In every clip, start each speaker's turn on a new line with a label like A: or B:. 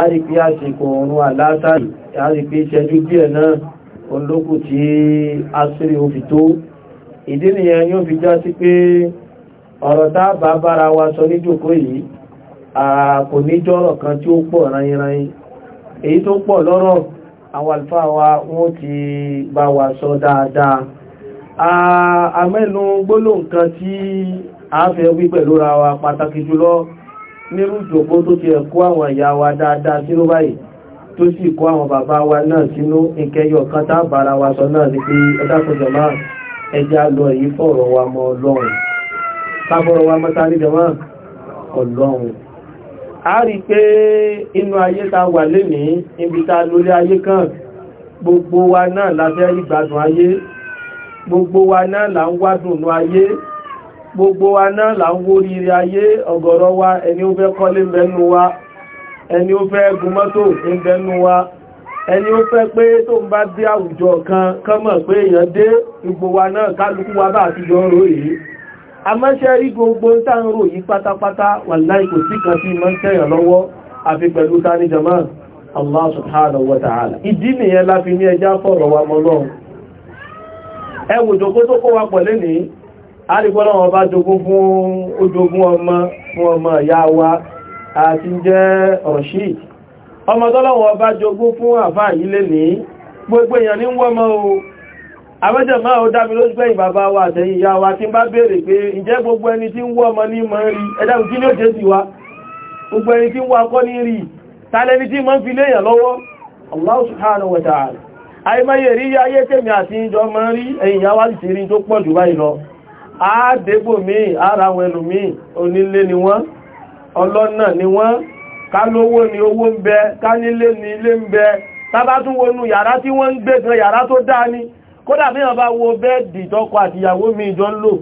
A: a rí pé àsìkò oòrùn àlátàrí a rí pé ìṣẹ́jú díẹ̀ náà olókù tí asírí ó fi tó ìdí nìyẹn yóò fi já sí pé ọ̀rọ̀ tá bá bára wa sọ ní jòkó yìí kò ní jọ́rọ̀ kan tí ó pọ̀ rányínrányín èyí tó pọ̀ lọ́rọ̀ àwọn àlùfáà wa wọ́n ti bá wa sọ dáadáa àmẹ́nu gbólóhùn tí a fẹ́ wí pẹ̀lú ra wa pàtàkì jùlọ nírú ìjòkó tó ti ẹ̀kọ́ àwọn ìyá wa dáadáa sínú báyìí tó sì kó àwọn bàbá wa náà sínú ìkẹyọ kan tábàrà wa sọ náà ní pé ẹdákùnjọ máa ẹjá lọ èyí fọ̀rọ̀ wa mọ́ ọlọ́run tábọ̀rọ̀ wa mọ́ta ní ọlọ́run gbogbo wa náà là ń wórí rí ayé ọ̀gọ̀rọ̀ wa ẹni ó fẹ́ kọ́lé ńbẹ́nu wa ẹni ó fẹ́ gun mọ́tò ńbẹ́nu wa ẹni ó fẹ́ pé tó ń bá dé àwùjọ kan kọ́mọ̀ pé èèyàn dé gbogbo wa náà kálukú wa bá àtijọ́ rí gbogbo kan lọ́wọ́ àfi pẹ̀lú àrígbọ́nà ọba jogún fún ojogun ọmọ fún ọmọ ìyá wa àti jẹ́ ọ̀ṣíd ọmọ tọ́lọ́wọ́ ọba jogún fún àfá yìí lè ní gbogbo èèyàn ní wọ́n o àwẹ́jẹ̀ máa ó dámi ló gbẹ̀yìn bàbá wa àtẹ̀yìn ìyá wa tí ń bá béèrè pé ǹjẹ́ gbogbo ẹni tí ń wọ́ ọmọ ní mọ́ rí ẹ̀dàkùn kí ní ó jésì wa gbogbo ẹni tí ń wọ́ akọ́ ní rí àádégbò míì ara àwọn ẹlòmíì onílé ni wọ́n ọlọ́nà ni wọ́n ká lówó ni owó ń bẹ ká nílé ni ilé ń bẹ tábá tún wọnú yàrá tí wọ́n ń gbé gan yàrá tó dáa ni kódà bí wọ́n bá wo bẹ́ẹ̀dì tọ́kọ àtìyàwó mi ìjọ ń lò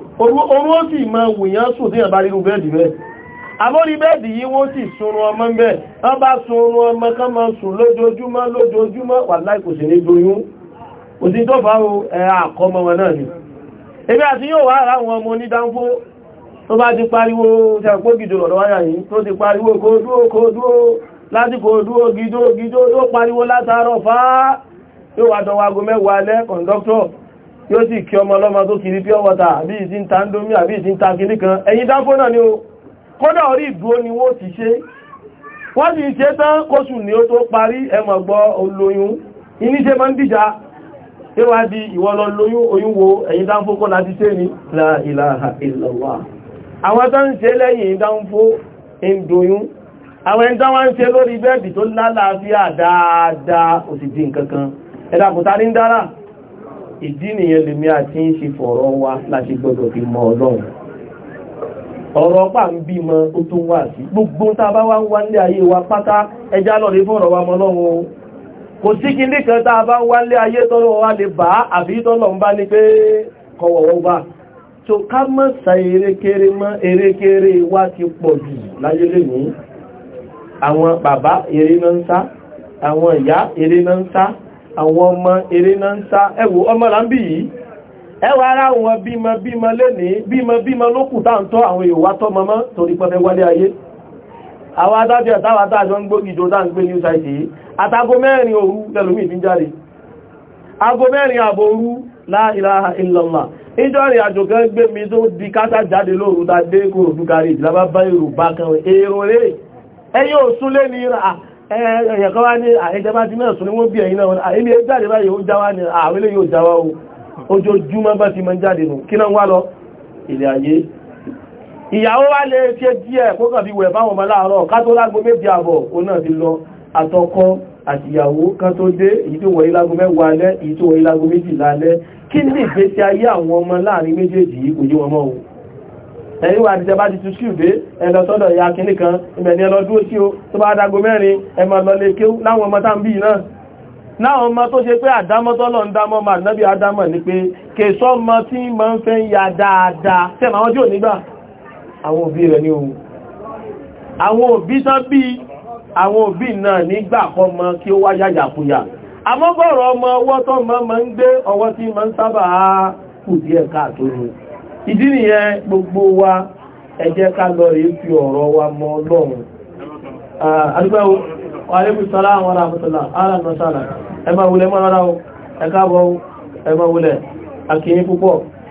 A: sì mọ sùn tí wọ́n bá bẹ́ẹ̀dì bẹ́ẹ̀ àmórí bẹ́ẹ̀dì yí wọ́n sì sunrun ọmọ ń sunrun ọmọ kán máa sùn lójoojúmọ́ lójoojúmọ́ wà láì kò sì ní doyún tó ni ebi àti yóò wá ara àwọn ọmọ onídánfó tó bá ti pariwo ṣàpó gìdò lọ́dọ̀ wáyà yìí tó ti pariwo kó dúó kó dúó lásìkò dúó gìdó gìdó yóò pariwo látàárọ̀ fá yóò wá dọ̀wọ́ aago mẹ́wàá alẹ́ kọ̀ǹdọ́kítọ̀ yóò sì kí ọmọ ọlọ́mọ tó kiri pure water àbí ìsí ń ta ń domi àbí ìsí ń ta kiri kan ẹ̀yìn dánfó náà tí wá di ìwọ lọ lóyún oyún ẹ̀yìn dánfó kọ́ láti ṣe ní la ilaha àwọn tó ń se lẹ́yìn dánfó ń àwọn ẹni ń se lórí bẹ́ẹ̀dì tó lálàáfíà dáadáa ní dára ìdí àti ń fọ̀rọ̀ láti fi mọ ọlọ́run ọ̀rọ̀ gbogbo wa pátá ẹjá lọ́rẹ́ kò sí kí ní kẹta bá wálé ayé tọ́lọ wá lè bàá àbí tọ́lọ ń bá ní pé kọwọ̀wọ́ bá tó ká mọ́ sa erékeré mọ́ erékeré wá ti pọ̀ jù láyé lè ní àwọn bàbá eré ń sá àwọn ìyá eré ń sá àwọn ọmọ ọmọ là ń yìí ẹwà ara bímọ bímọ lé bímọ bímọ lókù táà ń tọ́ àwọn tọ́ mọ́mọ́ àwọn adájọ́ ẹ̀tàwà tààjọ́ ń gbógi jọ dáa ń gbé news site yìí àtàgò mẹ́rin òru lẹ́lùmí ìfín jáde ago mẹ́rin àbò òru la ilaha illallah ìjọ rìn àjò kan gbé mi tó di kátà jáde lóru ta dé kòrò dúkàrí ìjìlábá bá èrò bá kan èrò rẹ̀ ẹ̀yìn òsúnlé ní ẹ̀yẹ̀ kan wá ní àìjẹba ti mẹ́rin súnlé wọ́n bí ẹ̀yìn náà ilé jáde báyìí ó jáwá ní àwílé yóò jáwá ojoojúmọ́ bá ti mọ́ jáde nù kí náà wá lọ ilẹ̀ ayé ìyàwó wá lè tí é díẹ̀ kó kàn bí wẹ̀ fáwọn ọmọ láàárọ̀ ká tó lágbó méjì àbọ̀ òun náà ti lọ àtọkọ àti ìyàwó kan tó dé èyí tó wọ̀nyí lágó mẹ́wàá alẹ́ èyí tó wọ̀nyí lágó méjì lálẹ́ kí ní ìgbésí ayé àwọn ọmọ láàrin méjèèjì yìí kò yé wọn mọ́ ohun ẹ̀yìn wà nìjẹba ti tún síùdé ẹ̀lọ sọ́dọ̀ ìyá kìíní kan ìbẹ̀ni ẹlọ́dún sí o tó e ọmọ tó ṣe pé àdámọ́tọ́lọ̀ ń dámọ́ mà nábì àdámọ́ ni pé kèsọ́ ọmọ tí ma ń fẹ́ ya dáadáa tẹ́mà wọn tí ò nígbà àwọn òbí rẹ̀ ní ohun àwọn òbí tán bí àwọn òbí náà nígbà kọ́ mọ́ kí ó wá ọmọ ọwọ́ ma mọ́ mọ́ ń gbé ọwọ́ tí mọ́ ń sábà kù díẹ̀ káàtóró ìdí nìyẹn gbogbo wa ẹ ká lọ wa mọ́ ọlọ́run ẹ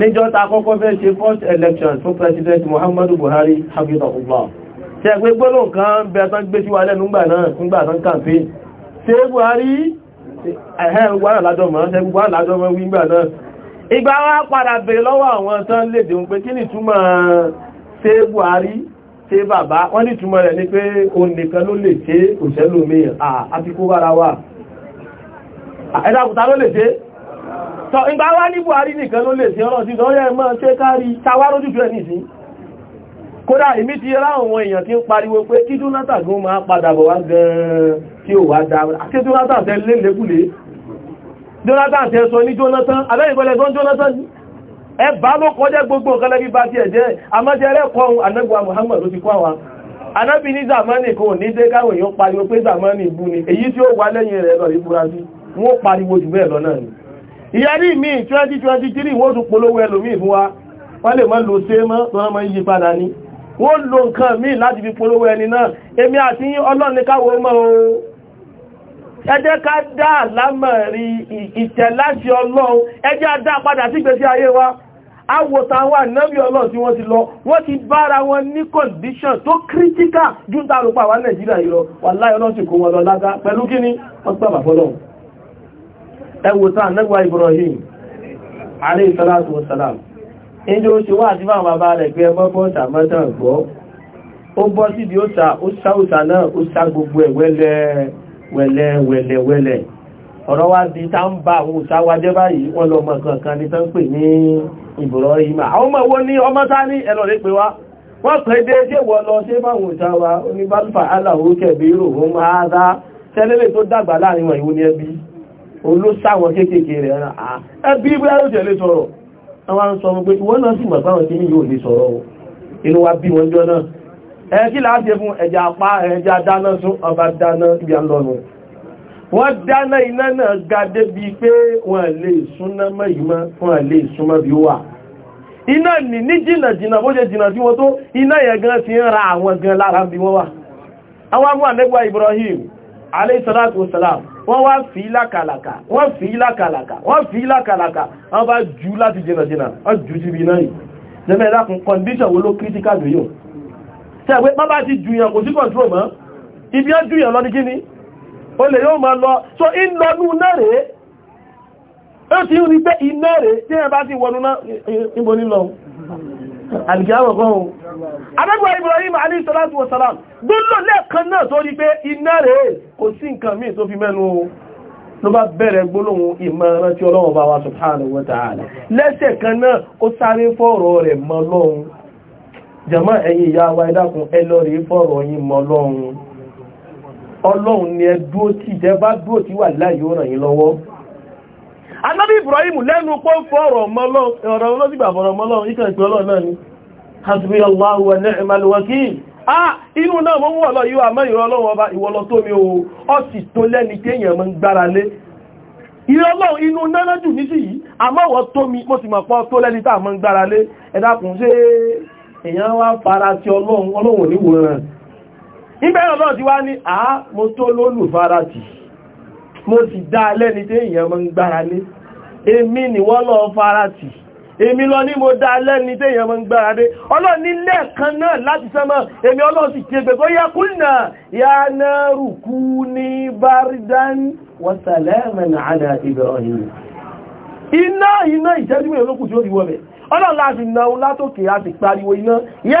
A: níjọ́ ta kọ́kọ́ fẹ́ ṣe first election fún president muhammadu buhari hafizahullah ṣe pé gbọ́nà kan bẹ̀ẹ̀tán gbé sí wa lẹ́nu ńgbà náà ńgbà tán campaign ṣe buhari ẹ̀hẹ́ gbọ́nà lájọ́mọ̀ ṣe gbọ́nà lájọ́mọ̀ wí ńgbà náà ìgbà wá padà bèèrè lọ́wọ́ àwọn tán lédè ń pé kí ni túmọ̀ ṣe buhari ṣe bàbá wọ́n ní túmọ̀ rẹ̀ ni pé òun nìkan ló lè ṣe òṣèlú mi àti kó wà ẹ̀dàkùtà ló lè ṣe tọ́ ìgbà wá ní Buhari nìkan ló lè sí ọ̀rọ̀ sí lọ́rẹ́ mọ́ ṣe kárí tawárọ́ jùjú ẹ̀ nìsí kódà ìmí ti ráwọn èèyàn tí ń pariwo pé kí Jonathan gan máa padà bọ̀ wá gan-an tí ó wá dáa àti Jonathan ní Jonathan ní gbogbo nǹkan ti ẹ̀jẹ́ àmọ́jẹ́rẹ́ kọrùn anẹ́gbà Muhammad pariwo pé zamani bú ni èyí tí ó wà lẹ́yìn rẹ̀ lọ ìbúra sí ìyàrí mi 2023 wọ́n tún polówó ẹlòmí fún wa wọ́n lè mọ́ lò ṣe mọ́ tó wọ́n mọ́ yí padà ní wọ́n lò nǹkan mí láti fi polówó ẹni náà èmi àti ọlọ́ni káwọ mọ́ o ẹ jẹ́ ká dá lámọ̀rí ìtẹ̀láṣẹ ọlọ́run ẹ jẹ́ á dá padà sí ìgbésí ayé wa awòta wà náàbí ọlọ́run tí wọ́n ti lọ wọ́n ti bára wọn ní condition tó critical júntà lópa wà nàìjíríà yìí lọ wà láyọ́lọ́sì kó wọn lọ lágá pẹ̀lú kíní wọ́n pẹ̀lú ẹwòtá anẹ́gbà Ibrahim alayhi salatu wassalam injú ó ṣe wá àti fáwọn bàbá rẹ̀ pé ẹgbọ́ bọ́ ṣàmọ́tàn gbọ́ ó bọ́ sí di ó náà ó gbogbo ẹ̀ ọ̀rọ̀ di ń bá jẹ́ báyìí wọ́n lọ ṣe olóṣàwọn kéèkéèké rẹ̀ ara ẹbí bí ẹrù tẹ̀lé sọ̀rọ̀ àwọn sọ pé wọ́n náà sì mọ̀ pàwọn tí ní yóò lè sọ̀rọ̀ inú wa bí wọ́n jọ náà ẹ kí láti fún ẹja apá ẹja dáná sún ọba dáná ibi àlọ́nù wọ́n dáná iná náà ga débi pé wọ́n lè súnná mọ́ ìmọ́ wọ́n lè súnmọ́ bí wà iná nì ní jìnà jìnà bó ṣe jìnà sí wọn tó iná yẹn Ibrahim alayhi salatu wasalam wọ́n wá fi lákàlàkà wọ́n fi lákàlàkà wọ́n fi lákàlàkà wọ́n bá jù láti jìnàjìnà wọ́n jù síbi náà yìí jẹ́mẹ́ ìdákun condition wo ló critical jù yóò tẹ́gbẹ́ má bá ti jùyàn kò sí control mọ́ ibi ó jùyàn lọ ní kíní o lè yóò máa lọ so in lọ́nú náà rẹ̀ ó ti ń rí pé iná rẹ̀ tí ẹ bá ti wọnú náà ìbò nílọ alìkìyàwó kan o Ibrahim alayhi salatu wa salam gbóòlò lẹ́ẹ̀kan náà tó rí pé iná rẹ̀ kò sí nǹkan míì tó fi mẹ́nu o ló bá bẹ̀rẹ̀ gbólóhùn ìmọ̀ràn tí ọlọ́run bá wa subhanahu wa ta'ala lẹ́sẹ̀ kan náà ó sáré fọ́rọ̀ rẹ̀ anábì ibrahim lẹ́nu pọ́ fọ́rọ̀ ọ̀rọ̀ olóṣìgbà fọ́rọ̀ mọ́lọ́run ikẹ́ ìpẹ́ ọlọ́ hasbi allahu wa ni'mal wakil ah inú náà mọ́ wọ́lọ́ yíò àmọ́ ìrọ̀ ọlọ́run mi o ọ sì tó lẹ́ni téèyàn mọ́ ń gbára lé ìrọ̀ inú náà jù nísì yìí àmọ́ tó mi mo sì mọ̀ pọ́ tó lẹ́ni tá mọ́ ń gbára lé ẹ dákun ṣé èèyàn wá fara ti ọlọ́run ọlọ́run ò ní wòran ìbẹ̀rẹ̀ ọlọ́run ti wá ní àá mo tó lólùfara tì mo sì dá lẹ́ni téèyàn èmi ni wọ́n lọ farati èmi lọ ní mo dá lẹ́ni tí èyàn mọ́ ń gbára dé ọlọ́run ní lẹ́ẹ̀kan náà láti sánmà èmi ọlọ́run sì kéègbè kó yá kú ní baridan wa salaman ala Ibrahim iná iná ìṣẹ́jú mẹ́rin olókùn tí ó ti wọ́ bẹ̀ ọlọ́run láti náà látòkè àti pariwo iná ya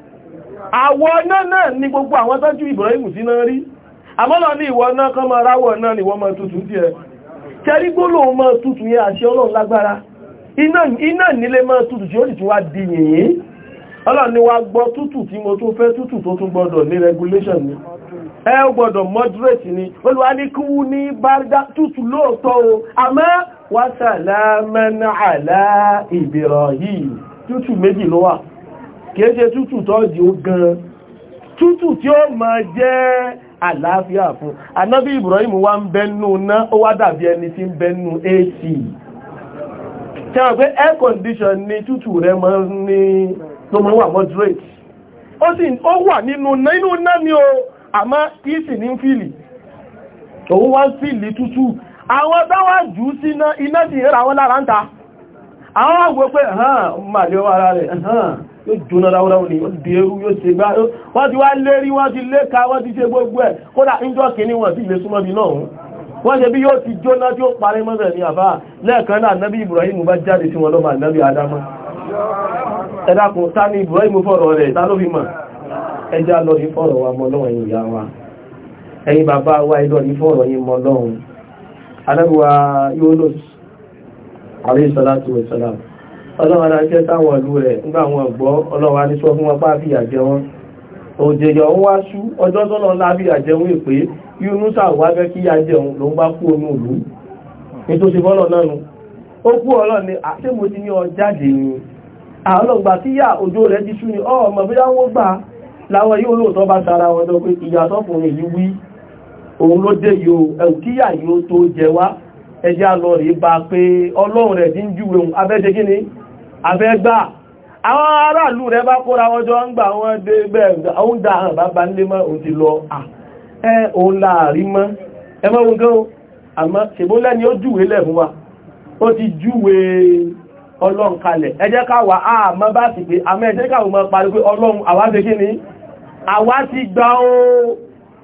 A: àwọn náà náà ni gbogbo àwọn tọ́jú Ibrahim sí náà rí àmọ́lọ ní ìwọ náà kọ́ máa ráwọ̀ náà ni wọ́n máa tutù díẹ̀ kẹrí gbólò máa tutù yẹn àṣẹ Ọlọ́run lágbára iná nílé máa tutù tí ó lè tún wá di yìnyín Ọlọ́run ni wá gbọ́ tutù tí mo tún fẹ́ tutù tó tún gbọ́dọ̀ ní regulation ni ẹ gbọ́dọ̀ moderate ni olùwà ní kí wú ní bárda tutù lóòótọ́ o àmọ́ Ibrahim tutù méjì ló kìí tútù tó jù gan tútù tí ó ma jẹ́ àlàáfíà fún anábí Ibrahim wa ń bẹnu ná ó wá dàbí ẹni tí ń bẹnu ac tẹ́wọ̀n pé air condition ni tútù rẹ ma ń ní tó máa moderate ó sì ó wà nínú ná inú ná ni o àmọ́ kìí sì ní fìlì òun wá fìlì tútù àwọn dáwà jù síná iná sì ń ra wọn lára ń ta àwọn pé hàn yóò jóná ráúráú ni yóò dẹ̀rú yóò ṣe gbá wọ́n ti wá lérí wọ́n ti léka wọ́n ti ṣe gbogbo ẹ̀ kódà ìjọ́ kìíní wọ́n ti lè súnmọ́ bí náà wọ́n ṣe bí yóò ti jóná tí ó parí mọ́sẹ̀ ní àbá lẹ́ẹ̀kan náà nábí Ibrahim bá jáde sí lọ́mọ ẹ ta ni Ibrahim fọ̀rọ̀ rẹ̀ ta ló fi mọ̀ ẹjá lọ ní fọ̀rọ̀ ọlọ́wọ́ aláṣẹ́ táwọn ìlú rẹ̀ nígbà wọn gbọ́ ọlọ́wọ́ aníṣọ́ fún wọn pàá fìyà jẹ wọn òjèyàn ń wá sú ọjọ́ tọ́lọ lábíyà jẹun ìpé yúnúsà wá fẹ́ kí yá jẹun ló bá kú omi òlú ní tó náà nu ó kú ọ̀lọ́ ni àṣẹ mo ti ní ọ jáde ni àọlọ́gbà tí yà òjò rẹ̀ ti sú ni ọ ọmọ bí wọ́n gbà láwọn yóò lóòótọ́ bá tara wọn lọ pé ìyá sọ́kùnrin yìí wí òun ló dé yóò ẹ̀wù kí yà yóò tó jẹ wá ẹjẹ́ àlọ́ rèé bá pé ọlọ́run rẹ̀ ti ń júwe òun abẹ́ṣe kí ni àfẹ́gbà àwọn aráàlú rẹ̀ bá kóra wọn jọ ń gbà wọn dé bẹ́ẹ̀ àwọn dá àwọn bàbá nílé mọ́ òun ti lọ ẹ òun láàrí mọ́ ẹ mọ́ wọn gan àmọ́ ṣèbó lẹ́ni ó júwèé lẹ̀ fún wa ó ti júwèé ọlọ́run kalẹ̀ ẹ jẹ́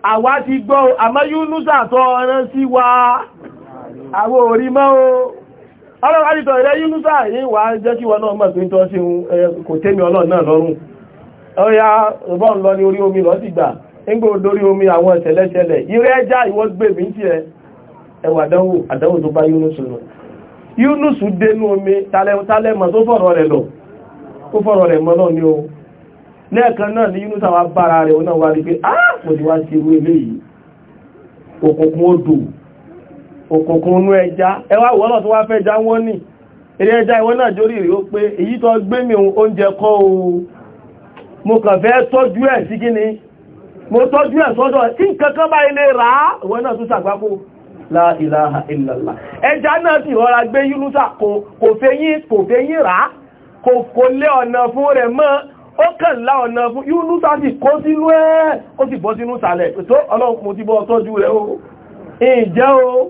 A: àmọ́ Yúnúsà tó rán sí wa àwọn orí o ọlọ́run àdìtọ̀ ilẹ̀ yúnúsà ní wà jẹ́ kí wọn náà mọ̀ pé tó ṣe kò tẹ́mi ọlọ́run náà lọ́rùn ọya ọbọ̀n lọ ní orí omi lọ sí gbà ńgbò lórí omi àwọn ìṣẹ̀lẹ̀ṣẹlẹ̀ irẹ́ ẹjá ìwọ́n gbé mi tí ẹ ẹwà àdánwò tó bá yúnúsù lọ yúnúsù dénú omi tálẹ́mọ̀ tó fọ̀rọ̀ rẹ̀ lọ tó fọ̀rọ̀ rẹ̀ mọ́ náà ní o lẹ́ẹ̀kan náà ní yúnúsà wá bára rẹ̀ ó náà wá rí pé ah mo ti wá ṣe irú eléyìí òkùnkùn odò òkùnkùn inú ẹja ẹwà ìwọ́nà tó wá fẹ́ já wọ́n ní eré ẹja ìwọ́n náà jórí rí ó pé èyí tó gbé mi oúnjẹ kọ́ o mo kàn fẹ́ tọ́jú ẹ̀ sí kí mo tọ́jú ẹ̀ sọ́dọ̀ tí kankan bá ilé rà ìwọ́n náà la ilaha illallah ẹja náà sì rọra gbé yúlúsà kò fẹ́ yín kò fẹ́ yín rà á kò lé ọ̀nà fún rẹ̀ mọ́ ó kàn lá ọ̀nà fún yúlúsà sì kó sínú tó ọlọ́run mo ìjẹ́ o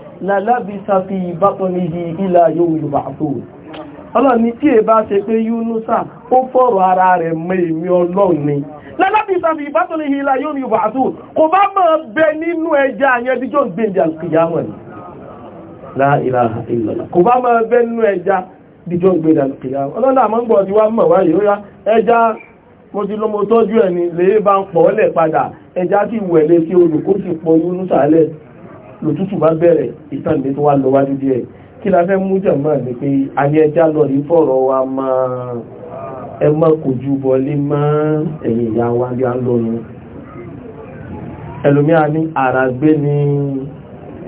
A: lalábìsà fi ìbátọ́nìyí ilá yóò yóò bá tó ọlọ́ni tí è bá ṣe pé yúnúsà ó fọ̀rọ̀ ara rẹ̀ mọ́ èmi ọlọ́run ni lalábìsà fi ìbátọ́nìyí ilá yóò yóò bá tó kò bá mọ́ bẹ nínú ẹja àyẹn díjọ́ gbèǹdà kìyàmọ̀ ni láìláha ìlọ́lá kò bá mọ́ bẹ nínú ẹja díjọ́ gbèǹdà kìyàmọ̀ ọlọ́lá àmọ́ ń gbọ́ ti wá mọ̀ wáyé ó yá ẹja mo ti lọ mo tọ́jú ẹ̀ lòtútù bá bẹ̀rẹ̀ ìtàn tó wá lọ wájú díẹ̀ kí la fẹ́ mú jàmọ́ ní pé ayé ẹja lọ ní fọ̀rọ̀ wa máa ẹ má kojú bọlé mọ́ ẹ̀yìn ìyá wa bí a ń lọ nu ẹlòmíà ní àràgbé ní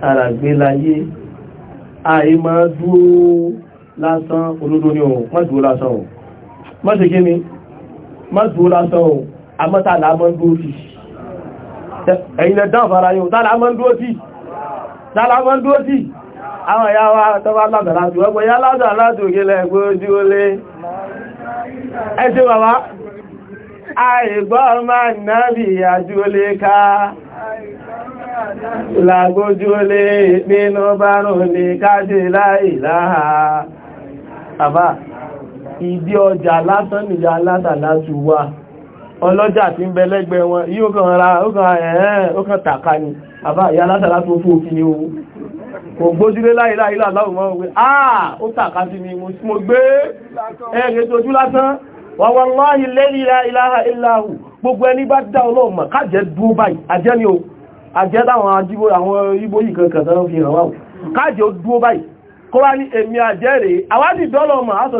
A: àràgbé láyé àyè máa dúró lásán olódó ní ọ̀hún má dúró lásán ọ̀hún má ṣe kí ni má dúró lásán ọ̀hún àmọ́ta làá mọ́ dúró sí dálámọ́ dúó sí àwọn ìyá wa tọ́bá ládàrá jù ọgbọ̀ ìyá ládàrá jù gílẹ̀ gbójú olé ẹ̀ṣẹ́ bàbá àìgbọ́ máa náàbì àjú olé ká làgbójú olé nínú bárùn ní káṣe láìláha bàbá ìdí ọjà lásán nìyà ládàrá jù wà ọlọ́jà tí ń bẹ lẹ́gbẹ̀ẹ́ wọn yíò kàn ra ó kàn ẹ̀ẹ́ ó kàn tàkà ni àbá ìyá látàlá tó fún òfin ni ohun kò gbójúlé láìláì láàláwọ̀ wọ́n wé àà ó tàkà sí ni mo gbé ẹ̀rẹ́ tójú lásán wà wọ́n láàyè lẹ́yìn ìlàhà ìlàhù gbogbo ẹni bá dá ọlọ́ọ̀mọ̀ kájẹ́ dúó báyìí àjẹ́ ni o àjẹ́ táwọn ajíbó àwọn ibó yìí kankan tán fi hàn wáwò kájẹ́ ó dúó báyìí kó wá ní èmi àjẹ́ rèé àwádìí dọ́lọ́ọ̀mọ̀ á sọ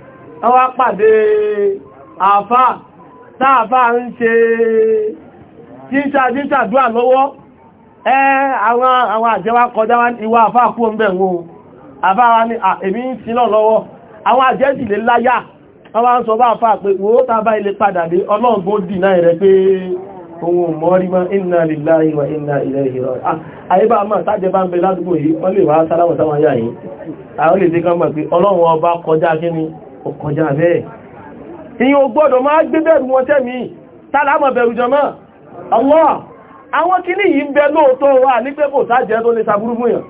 A: ọwá pàdé àfá táàfá ń ṣe jíṣà jíṣà dúà lọ́wọ́ ẹ àwọn àwọn àjẹwà kọjá ìwà àfá kú ọmọ ẹ̀wọ̀ àfá wa ní èmi ń sinà lọ́wọ́ àwọn àjẹ́ sì lè láyà wọ́n wá ń sọ bá àfá pé wó tàbá ilé padà dé ọlọ́gbó dìnà rẹ̀ pé inna lillahi wa inna ilayhi raji'un àyíbá máa sájẹ́ bá ń bẹ ládùúgbò yìí wọ́n lè wá sáláwọ̀ sáwọn yà yìí àwọn lè dé kán mọ̀ pé ọlọ́run ọba kọjá kí ni ó kọjá bẹ́ẹ̀ ìyìn ò gbọ́dọ̀ máa gbé bẹ̀rù wọn tẹ́mi tàlámọ̀ bẹ̀rù jọmọ́ Allah àwọn kìíní yìí ń bẹ lóòótọ́ wà ní pé kò sáàjẹ́ tó lè sàbúrú fún yàn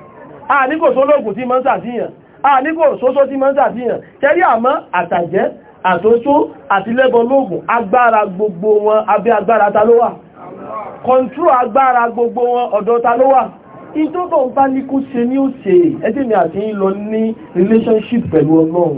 A: a ní kò sólógùn tí mọ́n sàtíyàn a ní kò sósó tí mọ́n sàtíyàn kẹrí àmọ́ àtàjẹ́ àtósó àti lẹ́bọlógún agbára gbogbo wọn abẹ́ agbára ta ló wà kọ̀ntró agbára gbogbo wọn ọ̀dọ̀ ìjọba ń ní kó ṣe ní ó ẹjẹ́ mi àti ń lọ ní relationship pẹ̀lú ọlọ́run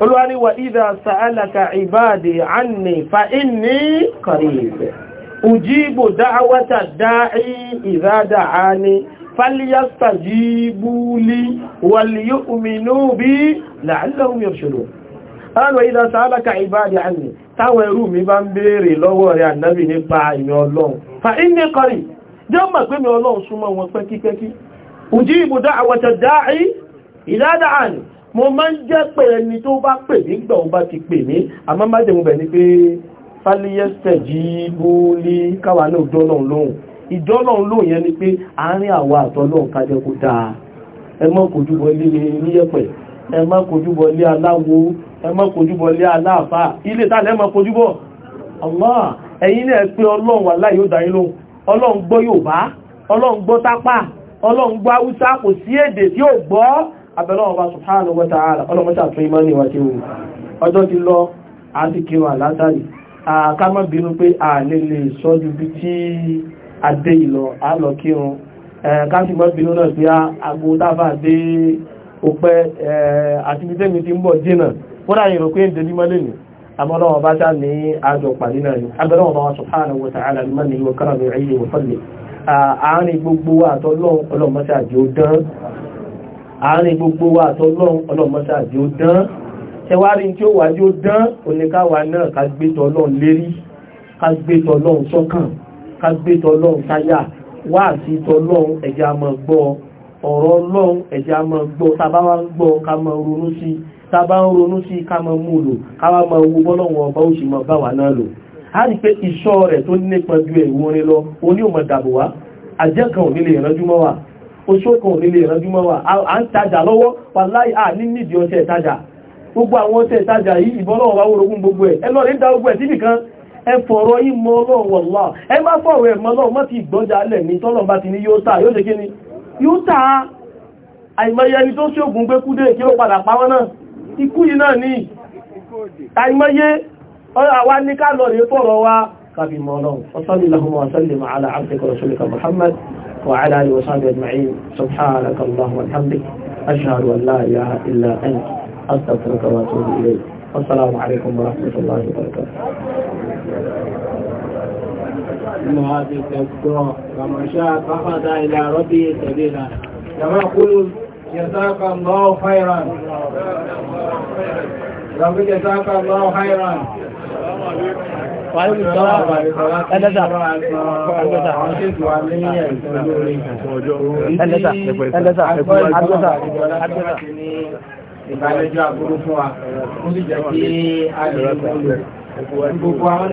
A: olúwarí wa ìdá sa'alaka ìbáàdì ánì fa inni qarib ujibu da'wata da'i idha da'ani فليستجيبوا لي وليؤمنوا بي لعلهم يرشدون قال وإذا سألك عبادي عني تاويرو مي بان بيري لوو ري النبي nípa ìmí قريب jẹ́ mọ̀ pé mi Ọlọ́hun súnmọ́ wọn pẹ́kípẹ́kí ujibu da'wata da'i idha da'ani mo máa ń jẹ́ pé ẹni tó bá pè mí gbà ó bá ti pè mí àmọ́ má jẹ́ mo bẹ̀ ni pé fáliyẹ́sẹ̀ jí búlí káwa náà dọ́lọ́n lóhùn ìdọ́lọ́n lóhùn yẹn ni pé àárín àwa àtọ́lọ́hùn kájẹ́ kó dáa ẹ má kojú bọ ilé níyẹ̀pẹ̀ ẹ má kojú bọ ilé aláwo ẹ má kojú bọ ilé aláàfà ilé tààlẹ́ ẹ má kojú bọ Allah ẹ̀yin náà pé ọlọ́run wà láì yóò dáyín lóhùn ọlọ́run gbọ́ Yorùbá ọlọ́run gbọ́ tápà ọlọ́run gbọ́ Haúsá kò sí èdè tí ò gbọ́ abẹ́lọ́ ọba subhanahu wa ta'ala ọlọ́mọ́sà tún imọ́ ní ti ohun ọjọ́ ti lọ àti kírun àlátàrí àkámọ́ bínú pé a lè lè sọ́jú bí tí adé ìlọ àlọ kírun káṣímọ́ bínú náà sí agbó dáfà dé òpẹ́ ti ń bọ̀ jìnà fúnra ìrò pé ni ní àjọ ni àárín gbogbo wa àtọ́lọ́run ọlọ́mọdá àjò dán ṣẹwárí tí ó wà yóò dán oníkáwà náà ká gbé tọ́lọ́run lérí ká gbé tọ́lọ́run sọ́kàn ká gbé tọ́lọ́run táyà wá sí tọ́lọ́run ẹ̀jẹ̀ àmọ́ gbọ́ ọ̀rọ̀ ọlọ́run ẹ̀jẹ̀ àmọ́ gbọ́ tàbá wá ń gbọ́ ká mọ ronú sí tàbá ń ronú sí ká mọ mú lò oṣókan onílé ìrànjúmọ́ wa a ń tajà lọ́wọ́ wàláì à ní nídi ọṣẹ ìtajà gbogbo àwọn ọṣẹ ìtajà yìí ìbọ́lọ́wọ́ wá wórogún gbogbo ẹ̀ ẹ lọ́rin dá gbogbo ẹ̀ síbì kan ẹ fọ̀rọ̀ ìmọ̀ ọlọ́wọ̀lá ẹ má fọ̀rọ̀ ẹ̀mọ́ náà má ti gbọ́jà alẹ̀ ní tọ́lọ̀mbá ti ní yóò tà yóò ṣe kí ni yóò tà á àìmọye ẹni tó ṣògùn gbé kúdé kí ó padà pa wọ́n náà ikú yìí náà ní àìmọye àwa ní ká lọ rèé fọ̀rọ̀ wa kàbí mọ́ ọlọ́run وعلى آله وصحبه أجمعين سبحانك اللهم وبحمدك أشهد أن لا إله إلا أنت أستغفرك وأتوب إليك والسلام عليكم ورحمة الله وبركاته هذه التذكرة ومن شاء اتخذ إلى ربه سبيلا كما يقول جزاك الله خيرا ربي جزاك الله خيرا wàhálà ìsọ́lá ẹlẹ́dà ẹlẹ́dà ẹlẹ́dà ẹlẹ́dà agbẹ́dà agbẹ́dà. ìbálẹ́jọ́ àbúrú fún wa ó sì jẹ́ kí a lè gbogbo àwọn.